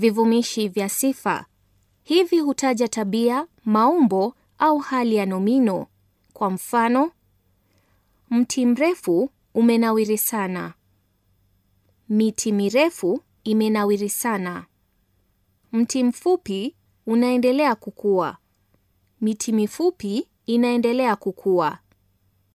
Vivumishi vya sifa hivi hutaja tabia, maumbo au hali ya nomino. Kwa mfano, mti mrefu umenawiri sana. Miti mirefu imenawiri sana. Mti mfupi unaendelea kukua. Miti mifupi inaendelea kukua.